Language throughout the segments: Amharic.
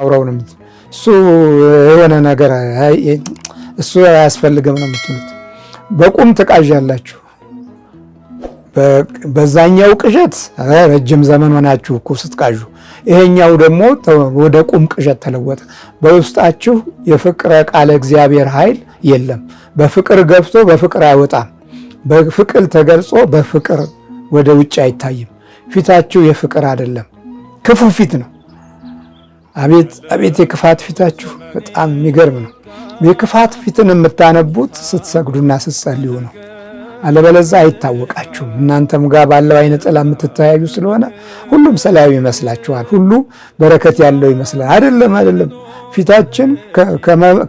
አውራው ነው እሱ የሆነ ነገር እሱ አያስፈልግም ነው የምትሉት። በቁም ትቃዣላችሁ። በዛኛው ቅዠት ረጅም ዘመን ሆናችሁ እኮ ስትቃዡ፣ ይሄኛው ደግሞ ወደ ቁም ቅዠት ተለወጠ። በውስጣችሁ የፍቅረ ቃለ እግዚአብሔር ኃይል የለም። በፍቅር ገብቶ በፍቅር አይወጣም። በፍቅር ተገልጾ በፍቅር ወደ ውጭ አይታይም። ፊታችሁ የፍቅር አይደለም፣ ክፉ ፊት ነው። አቤት አቤት የክፋት ፊታችሁ በጣም የሚገርም ነው። የክፋት ፊትን የምታነቡት ስትሰግዱና ስትጸልዩ ነው። አለበለዛ አይታወቃችሁም። እናንተም ጋር ባለው አይነ ጥላ የምትተያዩ ስለሆነ ሁሉም ሰላም ይመስላችኋል። ሁሉ በረከት ያለው ይመስላል። አይደለም፣ አይደለም። ፊታችን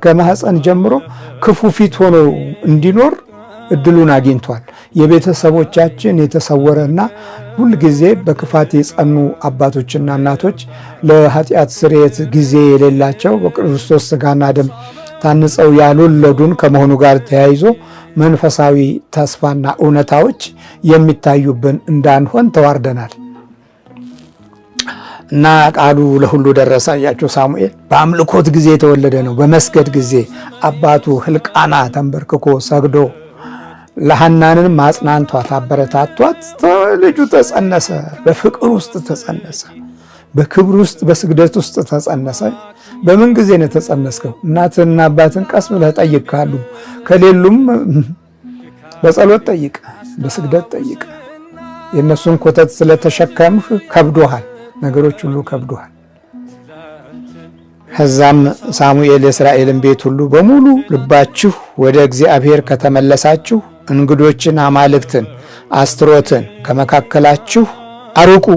ከማህፀን ጀምሮ ክፉ ፊት ሆኖ እንዲኖር እድሉን አግኝቷል። የቤተሰቦቻችን የተሰወረና ሁልጊዜ በክፋት የጸኑ አባቶችና እናቶች ለኃጢአት ስርየት ጊዜ የሌላቸው በክርስቶስ ስጋና ደም ታንጸው ያልወለዱን ከመሆኑ ጋር ተያይዞ መንፈሳዊ ተስፋና እውነታዎች የሚታዩብን እንዳንሆን ተዋርደናል እና ቃሉ ለሁሉ ደረሰ። አያችሁ ሳሙኤል በአምልኮት ጊዜ የተወለደ ነው። በመስገድ ጊዜ አባቱ ህልቃና ተንበርክኮ ሰግዶ ለሐናንንም ማጽናንቷት አበረታቷት። ልጁ ተጸነሰ፣ በፍቅር ውስጥ ተጸነሰ፣ በክብር ውስጥ በስግደት ውስጥ ተጸነሰ። በምን ጊዜ ነው የተጸነስከው? እናትህንና አባትን ቀስ ብለህ ጠይቅ ካሉ ከሌሉም በጸሎት ጠይቅ፣ በስግደት ጠይቅ። የእነሱን ኮተት ስለተሸከምህ ከብዶሃል፣ ነገሮች ሁሉ ከብዶሃል። ከዛም ሳሙኤል የእስራኤልን ቤት ሁሉ በሙሉ ልባችሁ ወደ እግዚአብሔር ከተመለሳችሁ እንግዶችን አማልክትን አስትሮትን ከመካከላችሁ አርቁ፣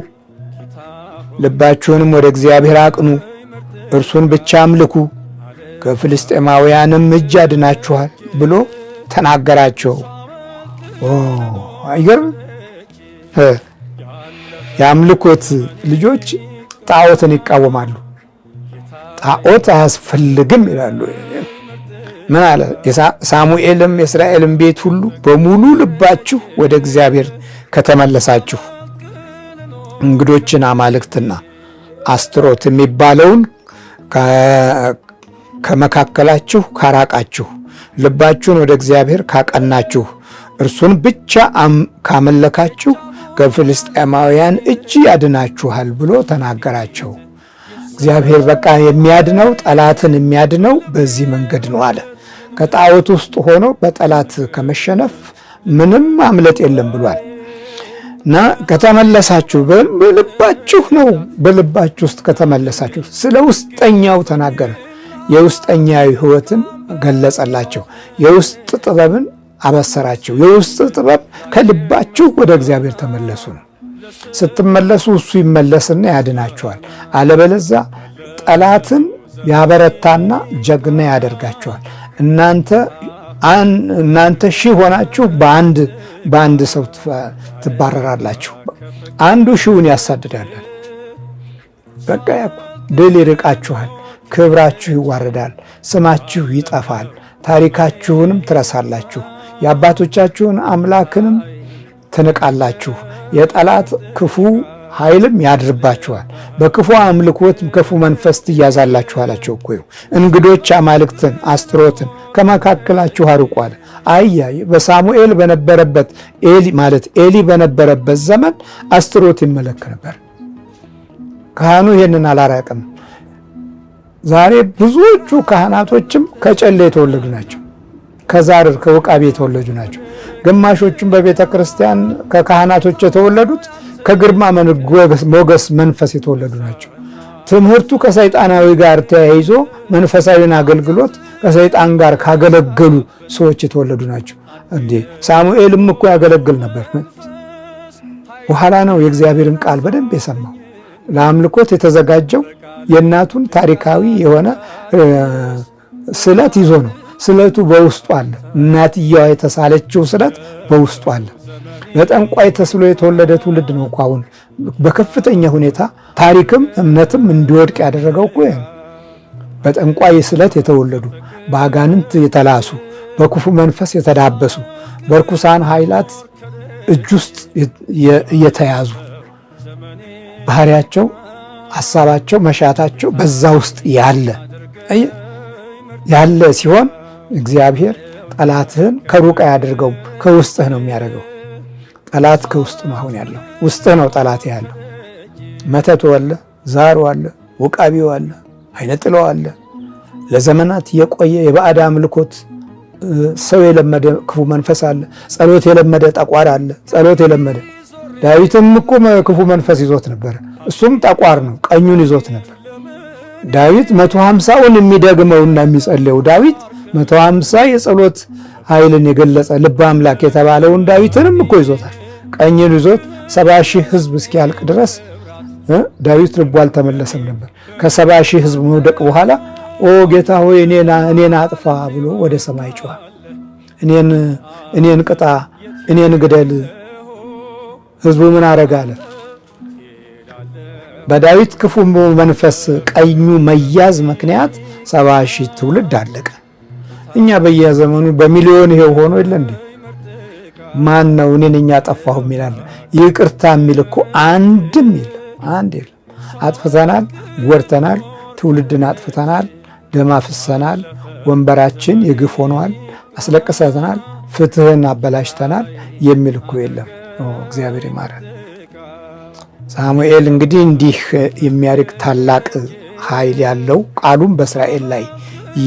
ልባችሁንም ወደ እግዚአብሔር አቅኑ፣ እርሱን ብቻ አምልኩ፣ ከፍልስጤማውያንም እጅ አድናችኋል ብሎ ተናገራቸው። አይገርም! የአምልኮት ልጆች ጣዖትን ይቃወማሉ። ጣዖት አያስፈልግም ይላሉ። ምን አለ? ሳሙኤልም የእስራኤልን ቤት ሁሉ በሙሉ ልባችሁ ወደ እግዚአብሔር ከተመለሳችሁ እንግዶችን አማልክትና አስትሮት የሚባለውን ከመካከላችሁ ካራቃችሁ፣ ልባችሁን ወደ እግዚአብሔር ካቀናችሁ፣ እርሱን ብቻ ካመለካችሁ ከፍልስጤማውያን እጅ ያድናችኋል ብሎ ተናገራቸው። እግዚአብሔር በቃ የሚያድነው ጠላትን የሚያድነው በዚህ መንገድ ነው አለ። ከጣዖት ውስጥ ሆኖ በጠላት ከመሸነፍ ምንም አምለጥ የለም ብሏል እና ከተመለሳችሁ በልባችሁ ነው። በልባችሁ ውስጥ ከተመለሳችሁ ስለ ውስጠኛው ተናገረ። የውስጠኛዊ ሕይወትን ገለጸላቸው። የውስጥ ጥበብን አበሰራቸው። የውስጥ ጥበብ ከልባችሁ ወደ እግዚአብሔር ተመለሱ ነው። ስትመለሱ እሱ ይመለስና ያድናችኋል። አለበለዛ ጠላትን ያበረታና ጀግና ያደርጋችኋል። እናንተ እናንተ ሺህ ሆናችሁ በአንድ በአንድ ሰው ትባረራላችሁ። አንዱ ሺውን ያሳድዳል። በቃ ድል ይርቃችኋል፣ ክብራችሁ ይዋረዳል፣ ስማችሁ ይጠፋል፣ ታሪካችሁንም ትረሳላችሁ፣ የአባቶቻችሁን አምላክንም ትንቃላችሁ። የጠላት ክፉ ኃይልም ያድርባችኋል፣ በክፉ አምልኮት ክፉ መንፈስ ትያዛላችሁ አላቸው እኮ እንግዶች አማልክትን አስጥሮትን ከመካከላችሁ አርቋል። አያ በሳሙኤል በነበረበት ኤሊ ማለት ኤሊ በነበረበት ዘመን አስጥሮት ይመለክ ነበር። ካህኑ ይህንን አላራቅም። ዛሬ ብዙዎቹ ካህናቶችም ከጨሌ የተወለዱ ናቸው። ከዛርር ከውቃቤ የተወለዱ ናቸው። ግማሾቹም በቤተ ክርስቲያን ከካህናቶች የተወለዱት ከግርማ ሞገስ መንፈስ የተወለዱ ናቸው። ትምህርቱ ከሰይጣናዊ ጋር ተያይዞ መንፈሳዊን አገልግሎት ከሰይጣን ጋር ካገለገሉ ሰዎች የተወለዱ ናቸው። እንዴ ሳሙኤልም እኮ ያገለግል ነበር። በኋላ ነው የእግዚአብሔርን ቃል በደንብ የሰማው። ለአምልኮት የተዘጋጀው የእናቱን ታሪካዊ የሆነ ስለት ይዞ ነው። ስለቱ በውስጡ አለ። እናትየዋ የተሳለችው ስለት በውስጡ አለ። በጠንቋይ ተስሎ የተወለደ ትውልድ ነው እኮ አሁን በከፍተኛ ሁኔታ ታሪክም እምነትም እንዲወድቅ ያደረገው እኮ በጠንቋይ ስለት የተወለዱ በአጋንንት የተላሱ በክፉ መንፈስ የተዳበሱ በርኩሳን ኃይላት እጅ ውስጥ የተያዙ ባህሪያቸው፣ ሀሳባቸው፣ መሻታቸው በዛ ውስጥ ያለ ያለ ሲሆን እግዚአብሔር ጠላትህን ከሩቅ ያደርገው ከውስጥህ ነው የሚያደርገው። ጠላት ከውስጥ መሆን ያለው፣ ውስጥ ነው ጠላት ያለው። መተቱ አለ፣ ዛሩ አለ፣ ውቃቢው አለ፣ አይነጥለው አለ። ለዘመናት የቆየ የባዕድ አምልኮት ሰው የለመደ ክፉ መንፈስ አለ። ጸሎት የለመደ ጠቋር አለ። ጸሎት የለመደ ዳዊትም እኮ ክፉ መንፈስ ይዞት ነበረ። እሱም ጠቋር ነው፣ ቀኙን ይዞት ነበር። ዳዊት መቶ ሀምሳውን የሚደግመውና የሚጸልየው ዳዊት መቶ ሀምሳ የጸሎት ኃይልን የገለጸ ልበ አምላክ የተባለውን ዳዊትንም እኮ ይዞታል። ቀኝን ይዞት ሰባ ሺህ ህዝብ እስኪያልቅ ድረስ ዳዊት ልቡ አልተመለሰም ነበር። ከሰባ ሺህ ህዝብ መውደቅ በኋላ ኦ ጌታ ሆይ እኔን አጥፋ ብሎ ወደ ሰማይ ጮኋል። እኔን ቅጣ፣ እኔን ግደል። ህዝቡ ምን አረጋ አለ። በዳዊት ክፉ መንፈስ ቀኙ መያዝ ምክንያት ሰባ ሺህ ትውልድ አለቀ። እኛ በየዘመኑ በሚሊዮን ይሄው ሆኖ የለ እንዴ? ማን ነው እኔ ነኝ ያጠፋሁ የሚላለ ይቅርታ የሚል እኮ አንድም የለም። አንድ የለም። አጥፍተናል፣ ጎድተናል፣ ትውልድን አጥፍተናል፣ ደም አፍሰናል፣ ወንበራችን የግፍ ሆኗል፣ አስለቅሰናል፣ ፍትህን አበላሽተናል የሚል እኮ የለም። እግዚአብሔር ይማረን። ሳሙኤል እንግዲህ እንዲህ የሚያደርግ ታላቅ ኃይል ያለው ቃሉም በእስራኤል ላይ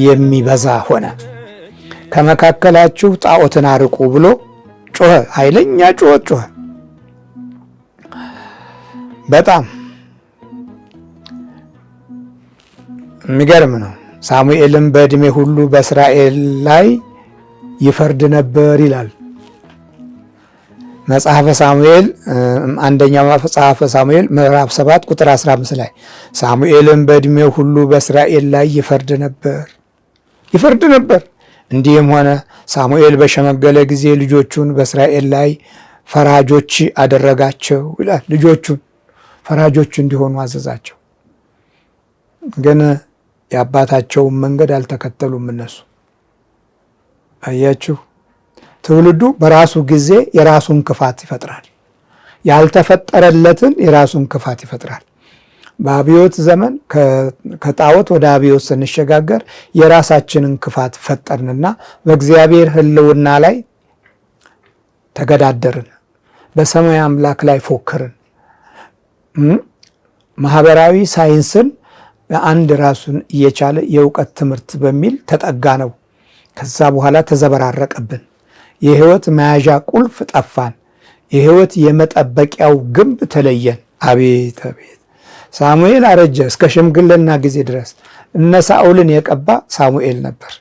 የሚበዛ ሆነ። ከመካከላችሁ ጣዖትን አርቁ ብሎ ጮኸ፣ ኃይለኛ ጩኸት ጮኸ። በጣም የሚገርም ነው። ሳሙኤልም በዕድሜ ሁሉ በእስራኤል ላይ ይፈርድ ነበር ይላል መጽሐፈ ሳሙኤል አንደኛው መጽሐፈ ሳሙኤል ምዕራፍ 7 ቁጥር 15 ላይ ሳሙኤልም በዕድሜ ሁሉ በእስራኤል ላይ ይፈርድ ነበር ይፈርድ ነበር። እንዲህም ሆነ ሳሙኤል በሸመገለ ጊዜ ልጆቹን በእስራኤል ላይ ፈራጆች አደረጋቸው ይላል። ልጆቹን ፈራጆች እንዲሆኑ አዘዛቸው። ግን የአባታቸውን መንገድ አልተከተሉም። እነሱ አያችሁ፣ ትውልዱ በራሱ ጊዜ የራሱን ክፋት ይፈጥራል። ያልተፈጠረለትን የራሱን ክፋት ይፈጥራል። በአብዮት ዘመን ከጣዖት ወደ አብዮት ስንሸጋገር የራሳችንን ክፋት ፈጠርንና በእግዚአብሔር ሕልውና ላይ ተገዳደርን። በሰማይ አምላክ ላይ ፎክርን። ማህበራዊ ሳይንስን አንድ ራሱን እየቻለ የእውቀት ትምህርት በሚል ተጠጋ ነው። ከዛ በኋላ ተዘበራረቀብን። የህይወት መያዣ ቁልፍ ጠፋን። የህይወት የመጠበቂያው ግንብ ተለየን። አቤት አቤት ሳሙኤል አረጀ እስከ ሽምግልና ጊዜ ድረስ እነ ሳኦልን የቀባ ሳሙኤል ነበር።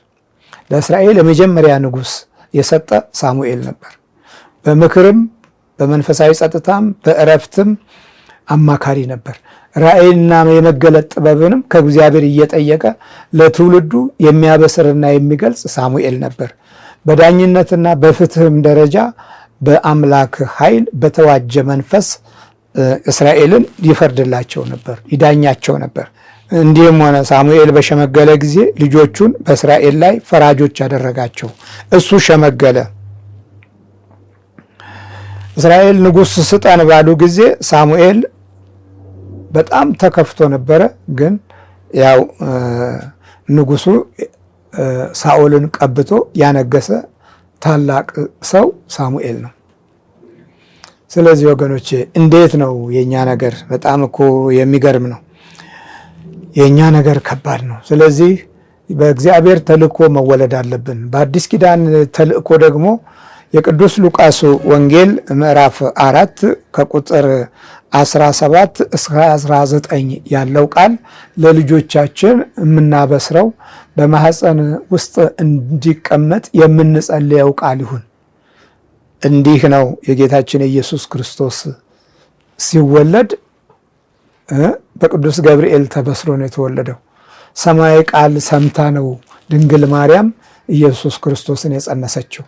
ለእስራኤል የመጀመሪያ ንጉሥ የሰጠ ሳሙኤል ነበር። በምክርም በመንፈሳዊ ጸጥታም በእረፍትም አማካሪ ነበር። ራእይና የመገለጥ ጥበብንም ከእግዚአብሔር እየጠየቀ ለትውልዱ የሚያበስርና የሚገልጽ ሳሙኤል ነበር። በዳኝነትና በፍትህም ደረጃ በአምላክ ኃይል በተዋጀ መንፈስ እስራኤልን ይፈርድላቸው ነበር፣ ይዳኛቸው ነበር። እንዲህም ሆነ ሳሙኤል በሸመገለ ጊዜ ልጆቹን በእስራኤል ላይ ፈራጆች ያደረጋቸው። እሱ ሸመገለ። እስራኤል ንጉሥ ስጠን ባሉ ጊዜ ሳሙኤል በጣም ተከፍቶ ነበረ። ግን ያው ንጉሱ ሳኦልን ቀብቶ ያነገሰ ታላቅ ሰው ሳሙኤል ነው። ስለዚህ ወገኖች እንዴት ነው የእኛ ነገር? በጣም እኮ የሚገርም ነው። የእኛ ነገር ከባድ ነው። ስለዚህ በእግዚአብሔር ተልእኮ መወለድ አለብን። በአዲስ ኪዳን ተልእኮ ደግሞ የቅዱስ ሉቃስ ወንጌል ምዕራፍ አራት ከቁጥር 17 እስከ 19 ያለው ቃል ለልጆቻችን የምናበስረው በማህፀን ውስጥ እንዲቀመጥ የምንጸልየው ቃል ይሁን። እንዲህ ነው የጌታችን ኢየሱስ ክርስቶስ ሲወለድ በቅዱስ ገብርኤል ተበስሮ ነው የተወለደው። ሰማያዊ ቃል ሰምታ ነው ድንግል ማርያም ኢየሱስ ክርስቶስን የጸነሰችው።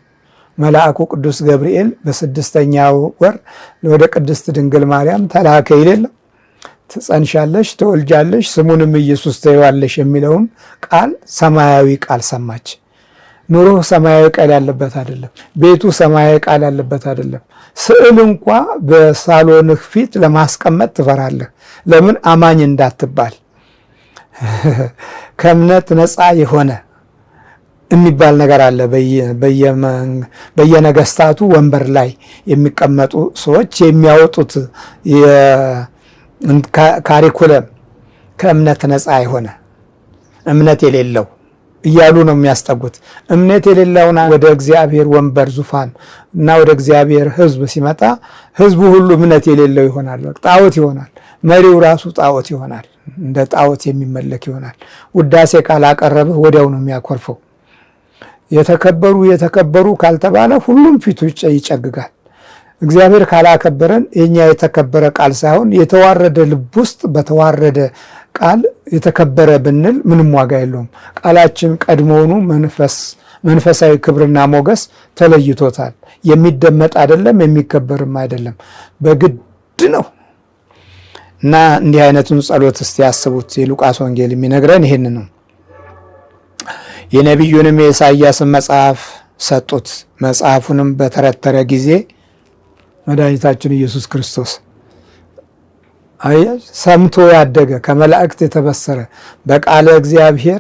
መልአኩ ቅዱስ ገብርኤል በስድስተኛው ወር ወደ ቅድስት ድንግል ማርያም ተላከ ይልል ትጸንሻለሽ፣ ትወልጃለሽ፣ ስሙንም ኢየሱስ ትይዋለሽ የሚለውን ቃል ሰማያዊ ቃል ሰማች። ኑሮ ሰማያዊ ቃል ያለበት አይደለም። ቤቱ ሰማያዊ ቃል ያለበት አይደለም። ስዕል እንኳ በሳሎንህ ፊት ለማስቀመጥ ትፈራለህ። ለምን? አማኝ እንዳትባል። ከእምነት ነፃ የሆነ የሚባል ነገር አለ። በየነገስታቱ ወንበር ላይ የሚቀመጡ ሰዎች የሚያወጡት ካሪኩለም ከእምነት ነፃ የሆነ እምነት የሌለው እያሉ ነው የሚያስጠጉት። እምነት የሌለውና ወደ እግዚአብሔር ወንበር ዙፋን እና ወደ እግዚአብሔር ሕዝብ ሲመጣ ሕዝቡ ሁሉ እምነት የሌለው ይሆናል፣ ጣዖት ይሆናል። መሪው ራሱ ጣዖት ይሆናል፣ እንደ ጣዖት የሚመለክ ይሆናል። ውዳሴ ካላቀረብህ ወዲያው ነው የሚያኮርፈው። የተከበሩ የተከበሩ ካልተባለ ሁሉም ፊቱ ይጨግጋል። እግዚአብሔር ካላከበረን የኛ የተከበረ ቃል ሳይሆን የተዋረደ ልብ ውስጥ በተዋረደ ቃል የተከበረ ብንል ምንም ዋጋ የለውም። ቃላችን ቀድሞውኑ መንፈስ መንፈሳዊ ክብርና ሞገስ ተለይቶታል። የሚደመጥ አይደለም፣ የሚከበርም አይደለም። በግድ ነው እና እንዲህ አይነቱን ጸሎት እስቲ ያስቡት። የሉቃስ ወንጌል የሚነግረን ይህን ነው። የነቢዩንም የኢሳያስን መጽሐፍ ሰጡት። መጽሐፉንም በተረተረ ጊዜ መድኃኒታችን ኢየሱስ ክርስቶስ ሰምቶ ያደገ ከመላእክት የተበሰረ በቃለ እግዚአብሔር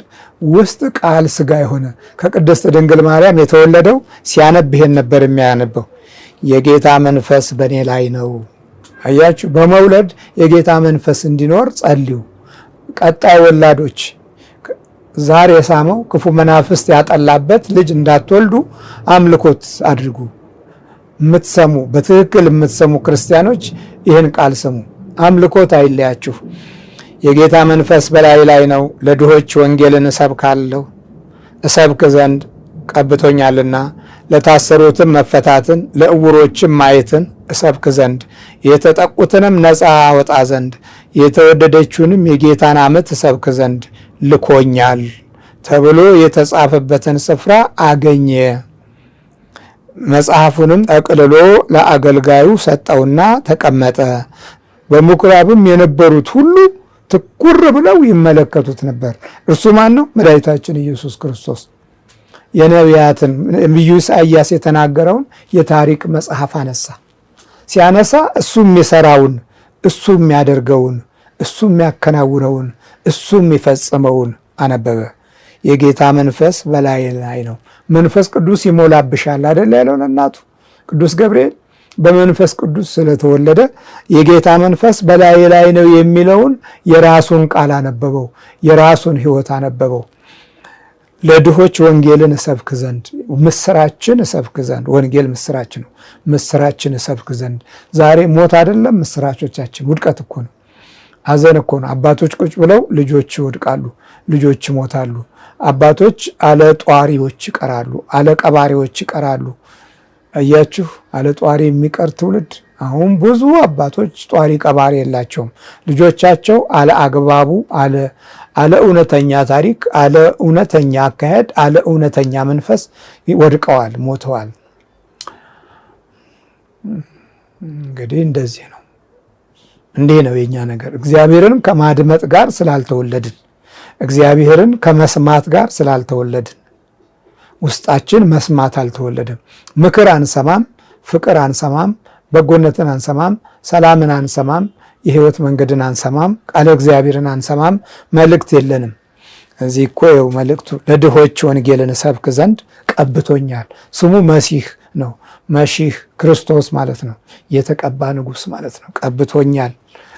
ውስጥ ቃል ስጋ የሆነ ከቅድስት ድንግል ማርያም የተወለደው ሲያነብ ይሄን ነበር የሚያነበው። የጌታ መንፈስ በእኔ ላይ ነው። አያችሁ፣ በመውለድ የጌታ መንፈስ እንዲኖር ጸልዩ። ቀጣይ ወላዶች ዛሬ የሳመው ክፉ መናፍስት ያጠላበት ልጅ እንዳትወልዱ አምልኮት አድርጉ። የምትሰሙ በትክክል የምትሰሙ ክርስቲያኖች ይህን ቃል ስሙ። አምልኮት አይለያችሁ። የጌታ መንፈስ በላይ ላይ ነው። ለድሆች ወንጌልን እሰብካለሁ እሰብክ ዘንድ ቀብቶኛልና ለታሰሩትም መፈታትን ለእውሮችም ማየትን እሰብክ ዘንድ የተጠቁትንም ነፃ አወጣ ዘንድ የተወደደችውንም የጌታን ዓመት እሰብክ ዘንድ ልኮኛል ተብሎ የተጻፈበትን ስፍራ አገኘ። መጽሐፉንም ጠቅልሎ ለአገልጋዩ ሰጠውና ተቀመጠ። በምኩራብም የነበሩት ሁሉ ትኩር ብለው ይመለከቱት ነበር። እርሱ ማን ነው? መድኃኒታችን ኢየሱስ ክርስቶስ የነቢያትን ነቢዩ ኢሳያስ የተናገረውን የታሪክ መጽሐፍ አነሳ። ሲያነሳ እሱ የሚሰራውን እሱ የሚያደርገውን እሱ የሚያከናውነውን እሱ የሚፈጽመውን አነበበ። የጌታ መንፈስ በላይ ላይ ነው። መንፈስ ቅዱስ ይሞላብሻል አደለ ያለውን እናቱ ቅዱስ ገብርኤል በመንፈስ ቅዱስ ስለተወለደ የጌታ መንፈስ በላይ ላይ ነው የሚለውን የራሱን ቃል አነበበው፣ የራሱን ህይወት አነበበው። ለድሆች ወንጌልን እሰብክ ዘንድ ምስራችን እሰብክ ዘንድ ወንጌል ምስራች ነው። ምስራችን እሰብክ ዘንድ ዛሬ ሞት አይደለም ምስራቾቻችን፣ ውድቀት እኮ ነው፣ አዘን እኮ ነው። አባቶች ቁጭ ብለው ልጆች ይወድቃሉ፣ ልጆች ይሞታሉ። አባቶች አለ ጧሪዎች ይቀራሉ፣ አለ ቀባሪዎች ይቀራሉ። እያችሁ አለ ጧሪ የሚቀር ትውልድ። አሁን ብዙ አባቶች ጧሪ ቀባሪ የላቸውም። ልጆቻቸው አለ አግባቡ፣ አለ እውነተኛ ታሪክ፣ አለ እውነተኛ አካሄድ፣ አለ እውነተኛ መንፈስ ወድቀዋል፣ ሞተዋል። እንግዲህ እንደዚህ ነው። እንዲህ ነው የኛ ነገር። እግዚአብሔርን ከማድመጥ ጋር ስላልተወለድን፣ እግዚአብሔርን ከመስማት ጋር ስላልተወለድን ውስጣችን መስማት አልተወለደም። ምክር አንሰማም፣ ፍቅር አንሰማም፣ በጎነትን አንሰማም፣ ሰላምን አንሰማም፣ የህይወት መንገድን አንሰማም፣ ቃለ እግዚአብሔርን አንሰማም። መልእክት የለንም። እዚህ እኮ ይኸው መልእክቱ ለድሆች ወንጌልን ሰብክ ዘንድ ቀብቶኛል። ስሙ መሲህ ነው። መሺህ ክርስቶስ ማለት ነው። የተቀባ ንጉስ ማለት ነው። ቀብቶኛል።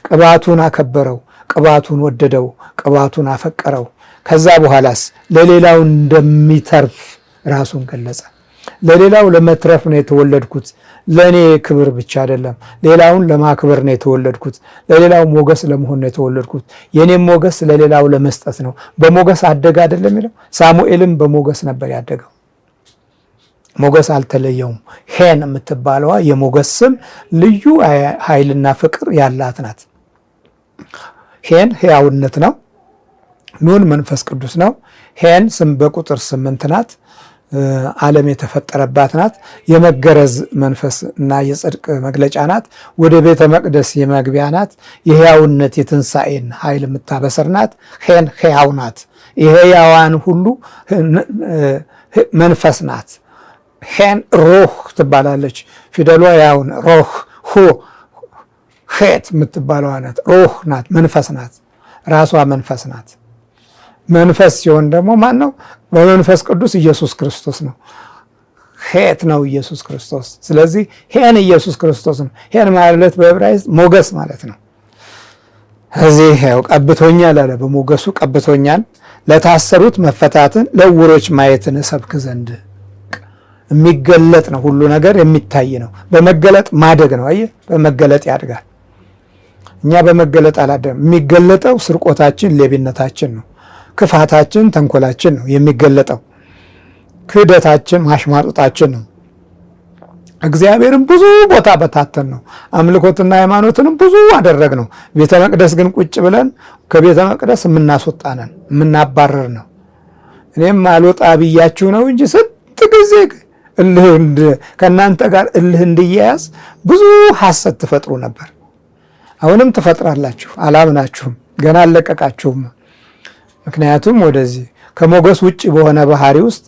ቅባቱን አከበረው፣ ቅባቱን ወደደው፣ ቅባቱን አፈቀረው። ከዛ በኋላስ ለሌላው እንደሚተርፍ ራሱን ገለጸ። ለሌላው ለመትረፍ ነው የተወለድኩት፣ ለእኔ ክብር ብቻ አይደለም፣ ሌላውን ለማክበር ነው የተወለድኩት፣ ለሌላው ሞገስ ለመሆን ነው የተወለድኩት። የእኔም ሞገስ ለሌላው ለመስጠት ነው። በሞገስ አደገ አይደለም የሚለው ሳሙኤልም በሞገስ ነበር ያደገው። ሞገስ አልተለየውም። ሄን የምትባለዋ የሞገስ ስም ልዩ ኃይልና ፍቅር ያላት ናት። ሄን ሕያውነት ነው። ኑን መንፈስ ቅዱስ ነው። ሄን ስም በቁጥር ስምንት ናት። ዓለም የተፈጠረባት ናት። የመገረዝ መንፈስ እና የጽድቅ መግለጫ ናት። ወደ ቤተ መቅደስ የመግቢያ ናት። የሕያውነት የትንሣኤን ኃይል የምታበስር ናት። ሄን ሕያው ናት። የሕያዋን ሁሉ መንፈስ ናት። ሄን ሮህ ትባላለች። ፊደሏ ያውን ሮህ ሆ ሄት የምትባለዋ ናት። ሮህ ናት፣ መንፈስ ናት። ራሷ መንፈስ ናት። መንፈስ ሲሆን ደግሞ ማን ነው? በመንፈስ ቅዱስ ኢየሱስ ክርስቶስ ነው። ሄት ነው ኢየሱስ ክርስቶስ። ስለዚህ ሄን ኢየሱስ ክርስቶስ ነው። ሄን ማለት በዕብራይስጥ ሞገስ ማለት ነው። እዚህ ያው ቀብቶኛል አለ። በሞገሱ ቀብቶኛል፣ ለታሰሩት መፈታትን፣ ለውሮች ማየትን እሰብክ ዘንድ የሚገለጥ ነው። ሁሉ ነገር የሚታይ ነው። በመገለጥ ማደግ ነው። አየህ፣ በመገለጥ ያድጋል። እኛ በመገለጥ አላደግም። የሚገለጠው ስርቆታችን፣ ሌብነታችን ነው። ክፋታችን፣ ተንኮላችን ነው የሚገለጠው። ክህደታችን፣ ማሽማጡጣችን ነው። እግዚአብሔርን ብዙ ቦታ በታተን ነው። አምልኮትና ሃይማኖትንም ብዙ አደረግ ነው። ቤተ መቅደስ ግን ቁጭ ብለን ከቤተ መቅደስ የምናስወጣነን የምናባረር ነው። እኔም አልወጣ ብያችሁ ነው እንጂ ስንት ጊዜ ከእናንተ ጋር እልህ እንድያያዝ ብዙ ሐሰት ትፈጥሩ ነበር። አሁንም ትፈጥራላችሁ። አላምናችሁም፣ ገና አለቀቃችሁም። ምክንያቱም ወደዚህ ከሞገስ ውጭ በሆነ ባህሪ ውስጥ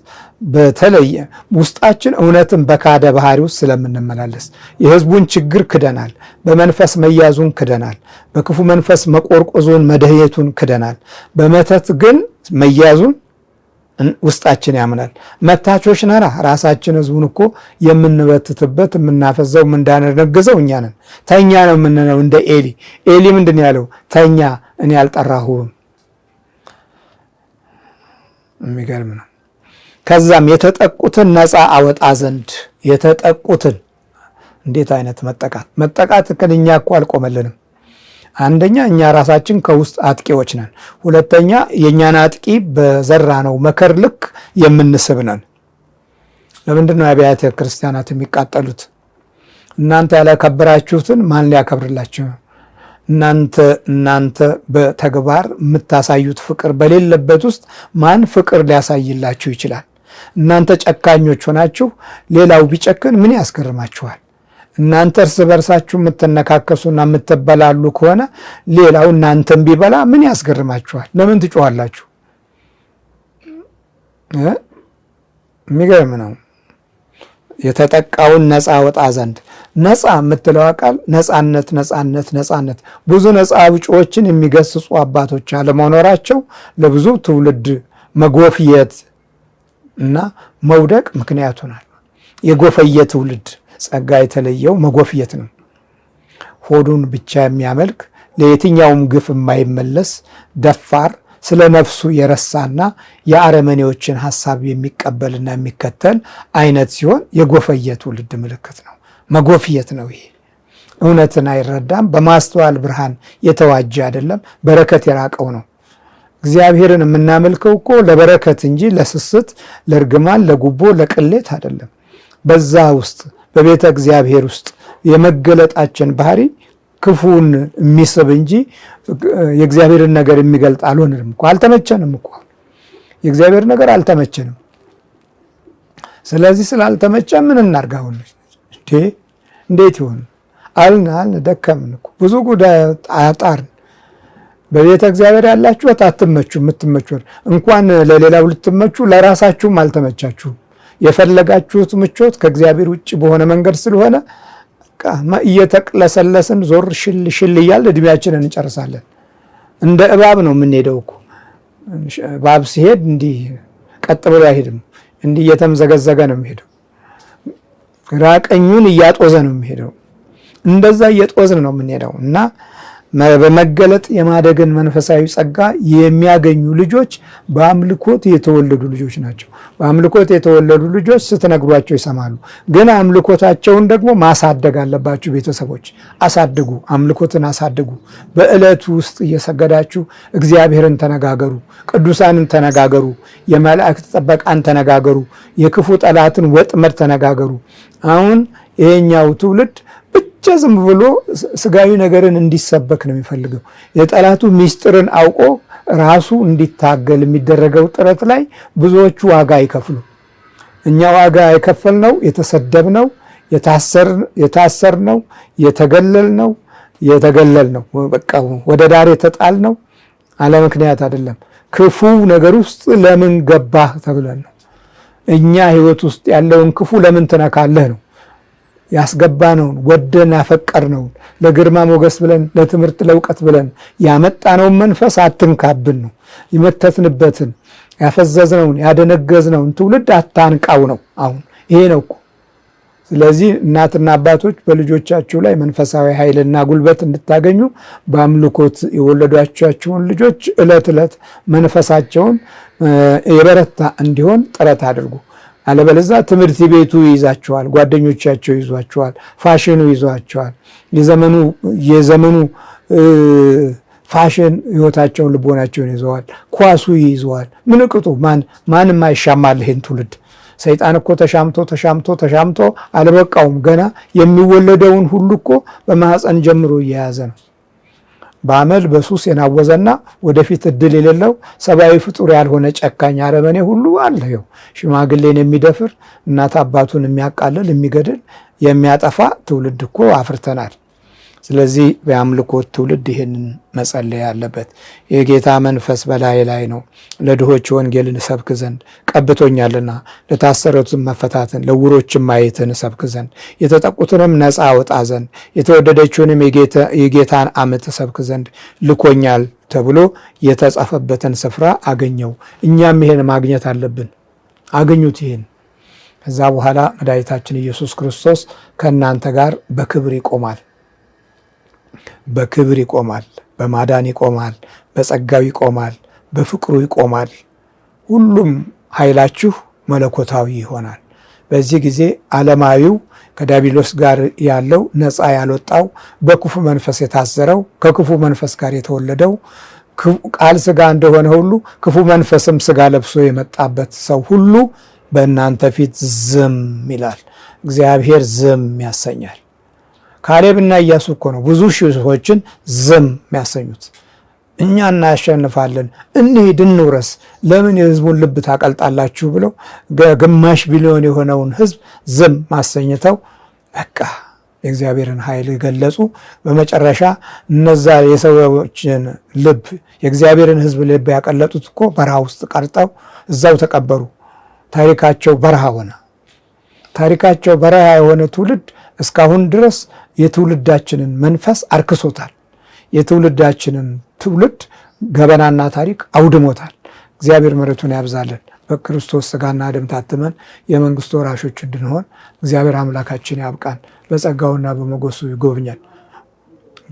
በተለየ ውስጣችን እውነትን በካደ ባህሪ ውስጥ ስለምንመላለስ የህዝቡን ችግር ክደናል። በመንፈስ መያዙን ክደናል። በክፉ መንፈስ መቆርቆዙን መደህየቱን ክደናል። በመተት ግን መያዙን ውስጣችን ያምናል። መታቾች ነራ ራሳችን ህዝቡን እኮ የምንበትትበት የምናፈዘው የምንዳነነግዘው እኛ ነን። ተኛ ነው የምንለው እንደ ኤሊ። ኤሊ ምንድን ያለው? ተኛ እኔ አልጠራሁም የሚገርም ነው። ከዛም የተጠቁትን ነፃ አወጣ ዘንድ የተጠቁትን እንዴት አይነት መጠቃት መጠቃት እኛ እኮ አልቆመልንም። አንደኛ እኛ ራሳችን ከውስጥ አጥቂዎች ነን። ሁለተኛ የእኛን አጥቂ በዘራ ነው መከር ልክ የምንስብ ነን። ለምንድን ነው አብያተ ክርስቲያናት የሚቃጠሉት? እናንተ ያላከበራችሁትን ማን ሊያከብርላችሁ እናንተ እናንተ በተግባር የምታሳዩት ፍቅር በሌለበት ውስጥ ማን ፍቅር ሊያሳይላችሁ ይችላል? እናንተ ጨካኞች ሆናችሁ ሌላው ቢጨክን ምን ያስገርማችኋል? እናንተ እርስ በርሳችሁ የምትነካከሱና የምትበላሉ ከሆነ ሌላው እናንተን ቢበላ ምን ያስገርማችኋል? ለምን ትጮኋላችሁ? የሚገርም ነው። የተጠቃውን ነፃ ወጣ ዘንድ ነፃ የምትለው ቃል ነፃነት ነፃነት ነፃነት ብዙ ነፃ አውጪዎችን የሚገስጹ አባቶች አለመኖራቸው ለብዙ ትውልድ መጎፍየት እና መውደቅ ምክንያት ሆናል። የጎፈየ ትውልድ ጸጋ የተለየው መጎፍየት ነው። ሆዱን ብቻ የሚያመልክ ለየትኛውም ግፍ የማይመለስ ደፋር ስለ ነፍሱ የረሳና የአረመኔዎችን ሀሳብ የሚቀበልና የሚከተል አይነት ሲሆን የጎፈየ ትውልድ ምልክት ነው። መጎፍየት ነው ይሄ። እውነትን አይረዳም። በማስተዋል ብርሃን የተዋጀ አይደለም። በረከት የራቀው ነው። እግዚአብሔርን የምናመልከው እኮ ለበረከት እንጂ ለስስት፣ ለእርግማን፣ ለጉቦ፣ ለቅሌት አይደለም። በዛ ውስጥ በቤተ እግዚአብሔር ውስጥ የመገለጣችን ባህሪ ክፉን የሚስብ እንጂ የእግዚአብሔርን ነገር የሚገልጥ አልሆንም እኮ አልተመቸንም እኮ የእግዚአብሔር ነገር አልተመቸንም። ስለዚህ ስላልተመቸ ምን እናርጋውን እንዴ እንዴት ይሆን አልን አልን ደከምን ብዙ ጉዳይ አጣርን። በቤተ እግዚአብሔር ያላችሁ አትመቹ የምትመቹ እንኳን ለሌላው ልትመቹ ለራሳችሁም አልተመቻችሁም። የፈለጋችሁት ምቾት ከእግዚአብሔር ውጭ በሆነ መንገድ ስለሆነ እየተቅለሰለስን ዞር ሽል ሽል እያል እድሜያችንን እንጨርሳለን። እንደ እባብ ነው የምንሄደው እኮ። እባብ ሲሄድ እንዲህ ቀጥ ብሎ አይሄድም። እንዲህ እየተምዘገዘገ ነው የሚሄደው። ግራ ቀኙን እያጦዘ ነው የሚሄደው። እንደዛ እየጦዝን ነው የምንሄደው እና በመገለጥ የማደግን መንፈሳዊ ጸጋ የሚያገኙ ልጆች በአምልኮት የተወለዱ ልጆች ናቸው። በአምልኮት የተወለዱ ልጆች ስትነግሯቸው ይሰማሉ። ግን አምልኮታቸውን ደግሞ ማሳደግ አለባችሁ። ቤተሰቦች አሳድጉ፣ አምልኮትን አሳድጉ። በዕለቱ ውስጥ እየሰገዳችሁ እግዚአብሔርን ተነጋገሩ፣ ቅዱሳንን ተነጋገሩ፣ የመላእክት ጠበቃን ተነጋገሩ፣ የክፉ ጠላትን ወጥመድ ተነጋገሩ። አሁን ይሄኛው ትውልድ ብቻ ዝም ብሎ ስጋዊ ነገርን እንዲሰበክ ነው የሚፈልገው። የጠላቱ ምስጢርን አውቆ ራሱ እንዲታገል የሚደረገው ጥረት ላይ ብዙዎቹ ዋጋ አይከፍሉ። እኛ ዋጋ የከፈልነው የተገለል የታሰርነው፣ የተገለልነው ነው፣ በቃ ወደ ዳር የተጣልነው አለ ምክንያት አይደለም። ክፉ ነገር ውስጥ ለምን ገባህ ተብለን ነው። እኛ ህይወት ውስጥ ያለውን ክፉ ለምን ትነካለህ ነው ያስገባነውን ወደን ያፈቀርነውን ለግርማ ሞገስ ብለን ለትምህርት ለእውቀት ብለን ያመጣነውን መንፈስ አትንካብን ነው። ይመተትንበትን ያፈዘዝነውን ያደነገዝነውን ትውልድ አታንቃው ነው። አሁን ይሄ ነው እኮ። ስለዚህ እናትና አባቶች በልጆቻችሁ ላይ መንፈሳዊ ኃይልና ጉልበት እንድታገኙ በአምልኮት የወለዷቸውን ልጆች ዕለት ዕለት መንፈሳቸውን የበረታ እንዲሆን ጥረት አድርጉ። አለበለዛ ትምህርት ቤቱ ይይዛቸዋል፣ ጓደኞቻቸው ይዟቸዋል፣ ፋሽኑ ይዟቸዋል። የዘመኑ የዘመኑ ፋሽን ህይወታቸውን ልቦናቸውን ይዘዋል፣ ኳሱ ይይዘዋል። ምን ቅጡ ማንም አይሻማል ይህን ትውልድ። ሰይጣን እኮ ተሻምቶ ተሻምቶ ተሻምቶ አልበቃውም። ገና የሚወለደውን ሁሉ እኮ በማህፀን ጀምሮ እየያዘ ነው። በአመል በሱስ የናወዘና ወደፊት እድል የሌለው ሰብአዊ ፍጡር ያልሆነ ጨካኝ አረመኔ ሁሉ አለ። ይኸው ሽማግሌን የሚደፍር እናት አባቱን የሚያቃልል የሚገድል የሚያጠፋ ትውልድ እኮ አፍርተናል። ስለዚህ የአምልኮት ትውልድ ይህንን መጸለይ አለበት። የጌታ መንፈስ በላይ ላይ ነው፣ ለድሆች ወንጌልን እሰብክ ዘንድ ቀብቶኛልና፣ ለታሰረቱን መፈታትን፣ ለውሮች ማየትን እሰብክ ዘንድ፣ የተጠቁትንም ነፃ አውጣ ዘንድ፣ የተወደደችውንም የጌታን ዓመት እሰብክ ዘንድ ልኮኛል ተብሎ የተጻፈበትን ስፍራ አገኘው። እኛም ይህን ማግኘት አለብን። አገኙት ይህን ከዛ በኋላ መድኃኒታችን ኢየሱስ ክርስቶስ ከእናንተ ጋር በክብር ይቆማል። በክብር ይቆማል፣ በማዳን ይቆማል፣ በጸጋው ይቆማል፣ በፍቅሩ ይቆማል። ሁሉም ኃይላችሁ መለኮታዊ ይሆናል። በዚህ ጊዜ ዓለማዊው ከዳቢሎስ ጋር ያለው ነፃ ያልወጣው በክፉ መንፈስ የታሰረው ከክፉ መንፈስ ጋር የተወለደው ቃል ስጋ እንደሆነ ሁሉ ክፉ መንፈስም ስጋ ለብሶ የመጣበት ሰው ሁሉ በእናንተ ፊት ዝም ይላል። እግዚአብሔር ዝም ያሰኛል። ካሌብና እያሱ እኮ ነው ብዙ ሺህ ሰዎችን ዝም የሚያሰኙት። እኛ እናሸንፋለን፣ እንሂድ፣ እንውረስ፣ ለምን የህዝቡን ልብ ታቀልጣላችሁ ብለው ግማሽ ቢሊዮን የሆነውን ህዝብ ዝም ማሰኝተው በቃ የእግዚአብሔርን ኃይል ገለጹ። በመጨረሻ እነዛ የሰዎችን ልብ የእግዚአብሔርን ህዝብ ልብ ያቀለጡት እኮ በረሃ ውስጥ ቀርጠው እዛው ተቀበሩ። ታሪካቸው በረሃ ሆነ። ታሪካቸው በረሃ የሆነ ትውልድ እስካሁን ድረስ የትውልዳችንን መንፈስ አርክሶታል። የትውልዳችንን ትውልድ ገበናና ታሪክ አውድሞታል። እግዚአብሔር ምሕረቱን ያብዛልን። በክርስቶስ ስጋና ደም ታትመን የመንግሥቱ ወራሾች እንድንሆን እግዚአብሔር አምላካችን ያብቃን። በጸጋውና በመጎሱ ይጎብኘን።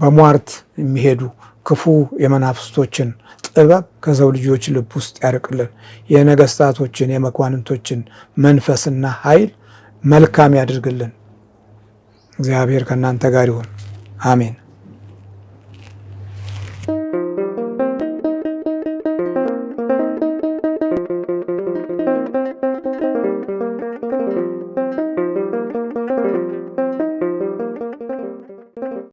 በሟርት የሚሄዱ ክፉ የመናፍስቶችን ጥበብ ከሰው ልጆች ልብ ውስጥ ያርቅልን። የነገስታቶችን የመኳንንቶችን መንፈስና ኃይል መልካም ያድርግልን። እግዚአብሔር ከእናንተ ጋር ይሁን። አሜን።